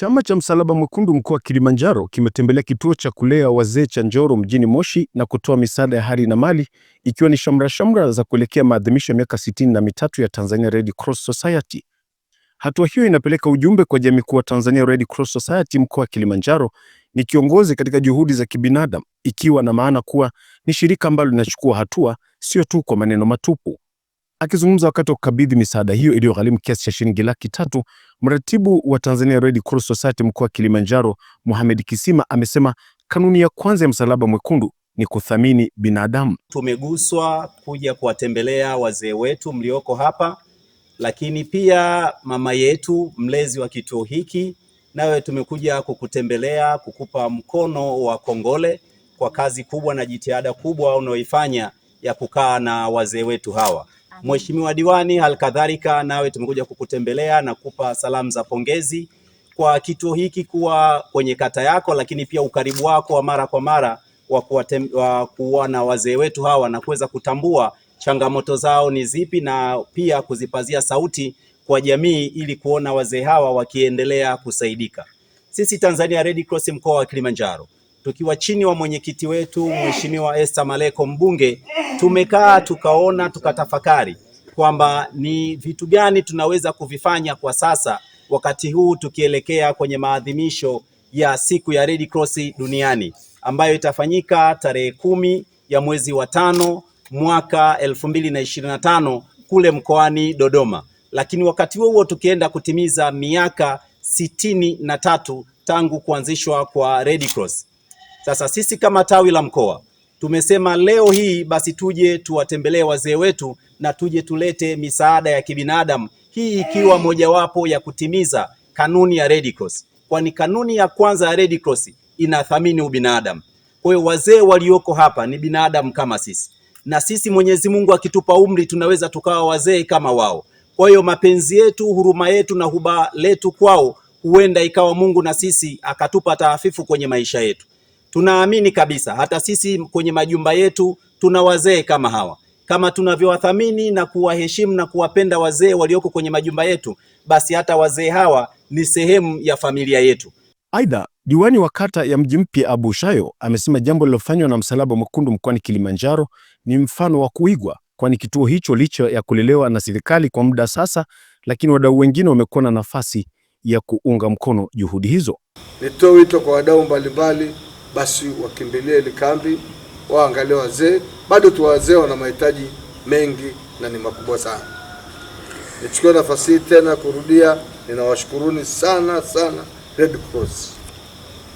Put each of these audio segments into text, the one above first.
Chama cha Msalaba Mwekundu mkoa wa Kilimanjaro kimetembelea kituo cha kulea wazee cha Njoro mjini Moshi na kutoa misaada ya hali na mali ikiwa ni shamra shamra za kuelekea maadhimisho ya miaka sitini na mitatu ya Tanzania Red Cross Society. Hatua hiyo inapeleka ujumbe kwa jamii kuwa Tanzania Red Cross Society mkoa wa Kilimanjaro ni kiongozi katika juhudi za kibinadamu, ikiwa na maana kuwa ni shirika ambalo linachukua hatua, sio tu kwa maneno matupu. Akizungumza wakati wa kukabidhi misaada hiyo iliyogharimu kiasi cha shilingi laki tatu, mratibu wa Tanzania Red Cross Society mkoa wa Kilimanjaro, Mohamed Kisima, amesema kanuni ya kwanza ya Msalaba Mwekundu ni kuthamini binadamu. Tumeguswa kuja kuwatembelea wazee wetu mlioko hapa, lakini pia mama yetu mlezi wa kituo hiki, nawe tumekuja kukutembelea kukupa mkono wa kongole kwa kazi kubwa na jitihada kubwa unaoifanya ya kukaa na wazee wetu hawa. Mheshimiwa diwani, halikadhalika nawe tumekuja kukutembelea na kupa salamu za pongezi kwa kituo hiki kuwa kwenye kata yako, lakini pia ukaribu wako wa mara kwa mara wa kuwa na wazee wetu hawa na kuweza kutambua changamoto zao ni zipi na pia kuzipazia sauti kwa jamii ili kuona wazee hawa wakiendelea kusaidika. Sisi Tanzania Red Cross mkoa wa Kilimanjaro tukiwa chini wa mwenyekiti wetu Mheshimiwa Esther Maleko mbunge, tumekaa tukaona tukatafakari kwamba ni vitu gani tunaweza kuvifanya kwa sasa wakati huu tukielekea kwenye maadhimisho ya siku ya Red Cross duniani ambayo itafanyika tarehe kumi ya mwezi wa tano mwaka elfu mbili na ishirini na tano kule mkoani Dodoma, lakini wakati huo huo tukienda kutimiza miaka sitini na tatu tangu kuanzishwa kwa Red Cross. Sasa sisi kama tawi la mkoa tumesema leo hii basi tuje tuwatembelee wazee wetu na tuje tulete misaada ya kibinadamu, hii ikiwa mojawapo ya kutimiza kanuni ya Red Cross, kwani kanuni ya kwanza ya Red Cross inathamini ubinadamu. Kwa hiyo wazee walioko hapa ni binadamu kama sisi, na sisi Mwenyezi Mungu akitupa umri tunaweza tukawa wazee kama wao. Kwa hiyo mapenzi yetu, huruma yetu na huba letu kwao, huenda ikawa Mungu na sisi akatupa taafifu kwenye maisha yetu. Tunaamini kabisa hata sisi kwenye majumba yetu tuna wazee kama hawa. Kama tunavyowathamini na kuwaheshimu na kuwapenda wazee walioko kwenye majumba yetu, basi hata wazee hawa ni sehemu ya familia yetu. Aidha, diwani wa kata ya Mji Mpya Abu Shayo amesema jambo lilofanywa na Msalaba Mwekundu mkoani Kilimanjaro ni mfano wa kuigwa, kwani kituo hicho licha ya kulelewa na serikali kwa muda sasa, lakini wadau wengine wamekuwa na nafasi ya kuunga mkono juhudi hizo. Nitoe wito kwa wadau mbalimbali basi wakimbilie ile kambi, waangalie wazee, bado tu wazee wana mahitaji mengi na ni makubwa sana. Nichukue nafasi hii tena kurudia, ninawashukuruni sana sana Red Cross,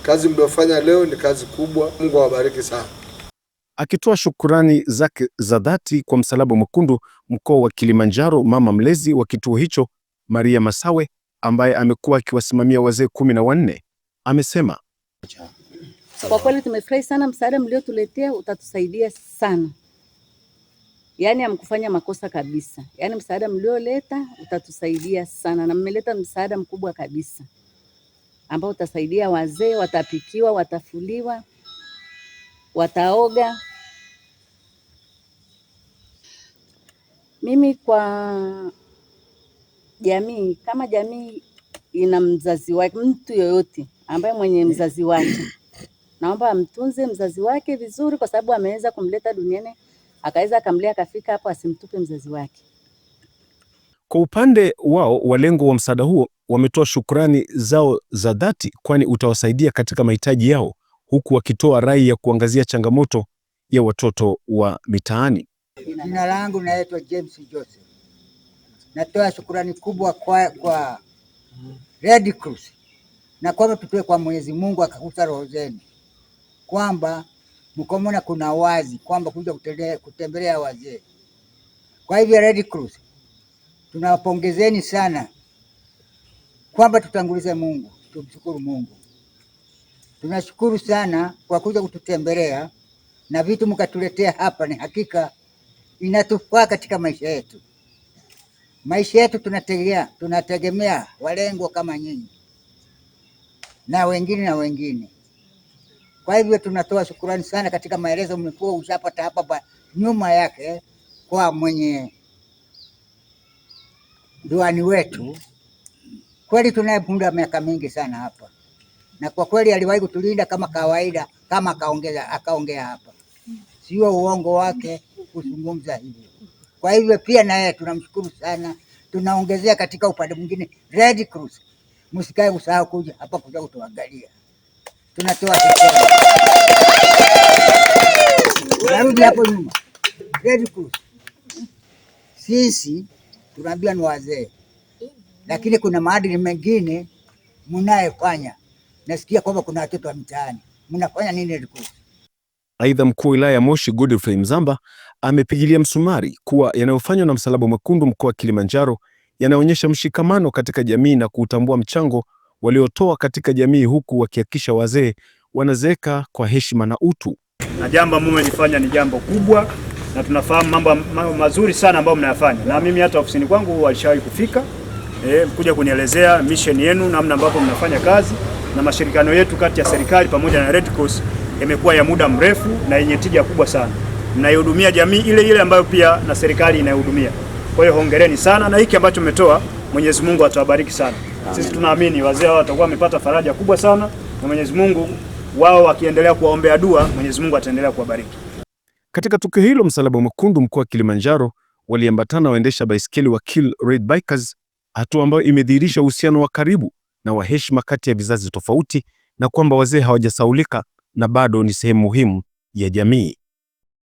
kazi mliofanya leo ni kazi kubwa. Mungu awabariki sana. Akitoa shukurani zake za dhati kwa Msalaba Mwekundu mkoa wa Kilimanjaro, mama mlezi wa kituo hicho Maria Masawe ambaye amekuwa akiwasimamia wazee kumi na wanne amesema kwa kweli tumefurahi sana msaada mliotuletea, utatusaidia sana yaani amkufanya makosa kabisa. Yaani msaada mlioleta utatusaidia sana, na mmeleta msaada mkubwa kabisa ambao utasaidia wazee, watapikiwa, watafuliwa, wataoga. Mimi kwa jamii, kama jamii ina mzazi wake, mtu yoyote ambaye mwenye mzazi wake Naomba amtunze mzazi wake vizuri, kwa sababu ameweza kumleta duniani akaweza akamlea akafika hapo, asimtupe mzazi wake. Kwa upande wao walengo wa msaada huo wametoa shukrani zao za dhati, kwani utawasaidia katika mahitaji yao, huku wakitoa rai ya kuangazia changamoto ya watoto wa mitaani. Jina langu naitwa James Joseph. Natoa shukurani kubwa kwa, kwa Red Cross na kwamba tutoe kwa Mwenyezi Mungu akakuta roho zenu kwamba Mkomona kuna wazi kwamba kuja kutembelea wazee. Kwa hivyo Red Cross tunawapongezeni sana kwamba tutangulize Mungu, tumshukuru Mungu. Tunashukuru sana kwa kuja kututembelea na vitu mkatuletea hapa, ni hakika inatufaa katika maisha yetu. Maisha yetu tunategemea, tunategemea walengwa kama nyinyi na wengine na wengine. Kwa hivyo tunatoa shukurani sana katika maelezo mmekuwa ushapata hapa nyuma yake kwa mwenye diwani wetu. Mm-hmm. Kweli punda miaka mingi sana hapa, na kwa kweli aliwahi kutulinda kama kawaida, kama akaongea akaongea hapa, sio uongo wake kuzungumza hivyo. Kwa hivyo pia naye tunamshukuru sana, tunaongezea katika upande mwingine Red Cross, msikae usahau kuja hapa kuja kutuangalia tunatoa Narudi hapo nyuma, sisi tunaambia ni wazee, lakini kuna maadili mengine mnayefanya. Nasikia kwamba kuna watoto wa mtaani, mnafanya nini Aidha, mkuu wa wilaya ya Moshi Godfrey Mzamba amepigilia msumari kuwa yanayofanywa na Msalaba Mwekundu mkoa wa Kilimanjaro yanaonyesha mshikamano katika jamii na kuutambua mchango waliotoa katika jamii, huku wakihakikisha wazee wanazeeka kwa heshima na utu. Na jambo mmenifanya ni jambo kubwa, na tunafahamu mambo mazuri sana ambayo mnayafanya, na mimi hata ofisini kwangu walishawahi kufika eh, kuja kunielezea mission yenu, namna ambavyo mnafanya kazi, na mashirikiano yetu kati ya serikali pamoja na Red Cross imekuwa ya muda mrefu na yenye tija kubwa sana. Mnaihudumia jamii ile ile ambayo pia na serikali inaihudumia. Kwa hiyo hongereni sana, na hiki ambacho umetoa, Mwenyezi Mungu atawabariki sana. Sisi tunaamini wazee hao watakuwa wamepata faraja kubwa sana, na Mwenyezi Mungu wao wakiendelea kuwaombea dua, Mwenyezi Mungu ataendelea kuwabariki. Katika tukio hilo, Msalaba Mwekundu mkoa wa Kilimanjaro waliambatana waendesha baiskeli wa Kill Red Bikers, hatua ambayo imedhihirisha uhusiano wa karibu na wa heshima kati ya vizazi tofauti na kwamba wazee hawajasaulika na bado ni sehemu muhimu ya jamii.